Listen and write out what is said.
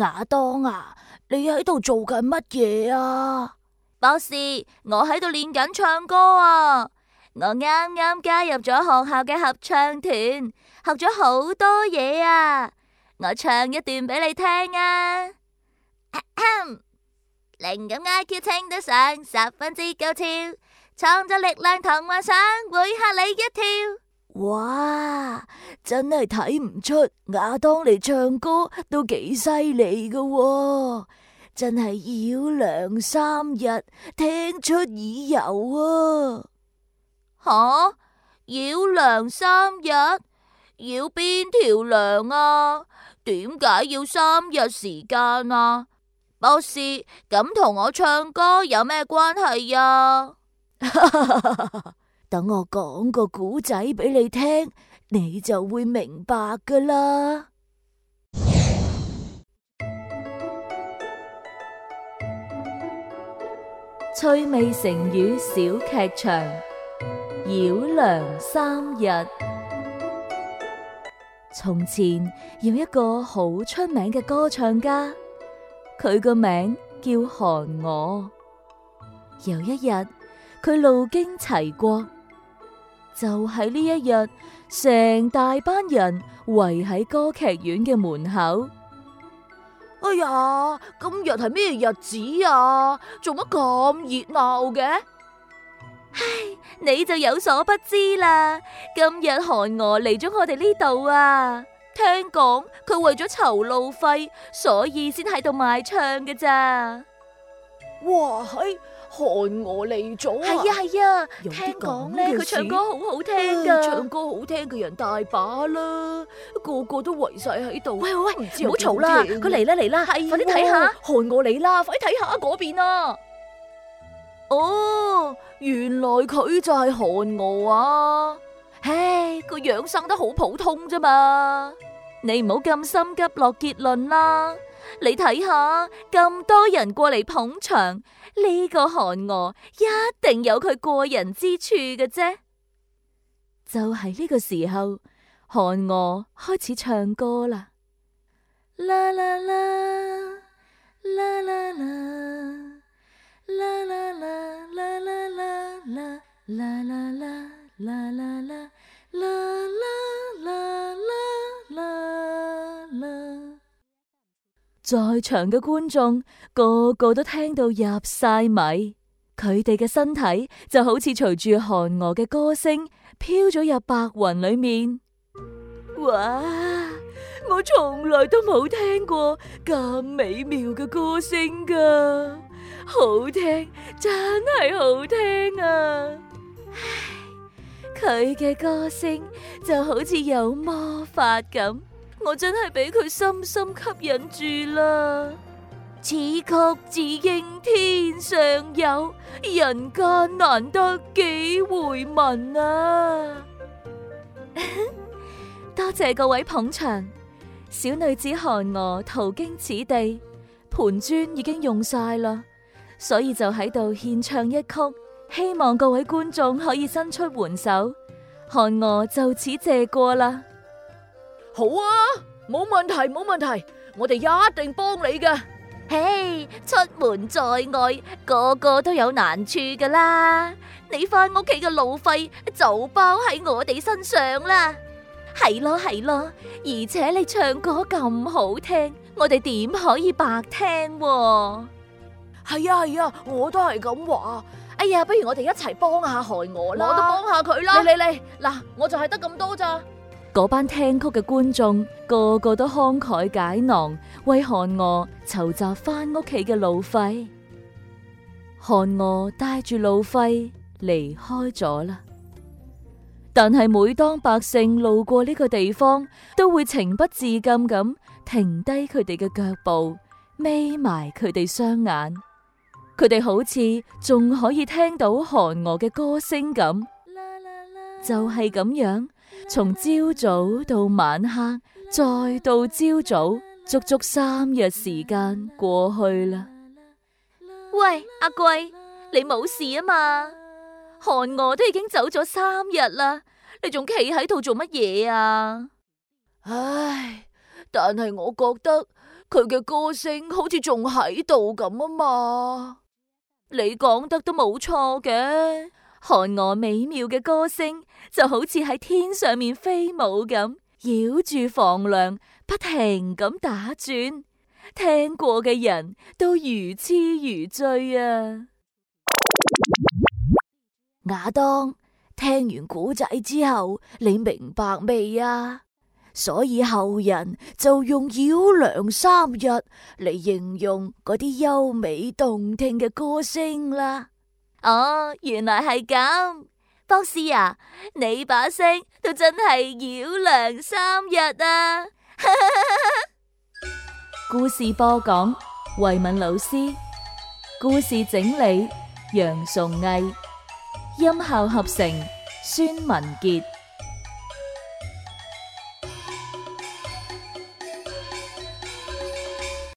亞當啊，你喺度做緊乜嘢啊？博士，我喺度練緊唱歌啊！我啱啱加入咗學校嘅合唱團，學咗好多嘢啊！我唱一段俾你聽啊！靈感 IQ 稱得上十分之高超，創作力量同幻想會嚇你一跳。哇！真係睇唔出亞當嚟唱歌都幾犀利噶，真係繞梁三日，聽出耳油啊！吓、啊，繞梁三日，繞邊條梁啊？點解要三日時間啊？博士，咁同我唱歌有咩關係啊？ 等我講個故仔俾你聽，你就會明白噶啦。趣味成語小劇場：繞梁三日。從前有一個好出名嘅歌唱家，佢個名叫韓娥。有一日，佢路經齊國。就喺呢一日，成大班人圍喺歌劇院嘅門口。哎呀，今日係咩日子啊？做乜咁熱鬧嘅？唉，你就有所不知啦。今日韓娥嚟咗我哋呢度啊，聽講佢為咗籌路費，所以先喺度賣唱嘅咋。哇嘿，韓娥嚟咗啊！係啊，係啊，聽講咧佢唱歌好好聽噶，唱歌好聽嘅人大把啦，個個都圍晒喺度。喂喂喂，唔好嘈啦，佢嚟啦嚟啦，快啲睇下。韓娥嚟啦，快啲睇下嗰邊啊！哦，原來佢就係韓娥啊！唉，個樣生得好普通啫嘛，你唔好咁心急落結論啦。你睇下咁多人過嚟捧場，呢個韓娥一定有佢過人之處嘅啫。就係呢個時候，韓娥開始唱歌啦，啦，啦。啦啦啦在場嘅觀眾個個都聽到入晒米，佢哋嘅身體就好似隨住韓娥嘅歌聲飄咗入白雲裏面。哇！我從來都冇聽過咁美妙嘅歌聲㗎，好聽，真係好聽啊！唉，佢嘅歌聲就好似有魔法咁。我真係俾佢深深吸引住啦！此曲只應天上有，人間難得幾回聞啊！ 多謝各位捧場，小女子韓娥途經此地，盤磚已經用曬啦，所以就喺度獻唱一曲，希望各位觀眾可以伸出援手，韓娥就此謝過啦。好啊，冇問題冇問題，我哋一定幫你㗎。嘿，出門在外，個個都有難處噶啦，你翻屋企嘅路費就包喺我哋身上啦。係咯係咯，而且你唱歌咁好聽，我哋點可以白聽？係啊係啊，我都係咁話。哎呀，不如我哋一齊幫下害我啦，我都幫下佢啦。嚟嚟嚟，嗱，我就係得咁多咋。嗰班聽曲嘅觀眾個個都慷慨解囊，為韓娥籌集翻屋企嘅路費。韓娥帶住路費離開咗啦。但係每當百姓路過呢個地方，都會情不自禁咁停低佢哋嘅腳步，眯埋佢哋雙眼。佢哋好似仲可以聽到韓娥嘅歌聲咁，就係咁樣。從朝早到晚黑，再到朝早，足足三日時間過去啦。喂，阿貴，你冇事啊嘛？韓娥都已經走咗三日啦，你仲企喺度做乜嘢啊？唉，但係我覺得佢嘅歌聲好似仲喺度咁啊嘛。你講得都冇錯嘅。韓娥美妙嘅歌聲，就好似喺天上面飛舞咁，繞住房梁，不停咁打轉。聽過嘅人都如痴如醉啊！亞當聽完古仔之後，你明白未啊？所以後人就用繞梁三日嚟形容嗰啲優美動聽嘅歌聲啦。哦，原來係咁，博士啊，你把聲都真係繞梁三日啊！ 故事播講：惠敏老師，故事整理：楊崇毅，音效合成：孫文杰。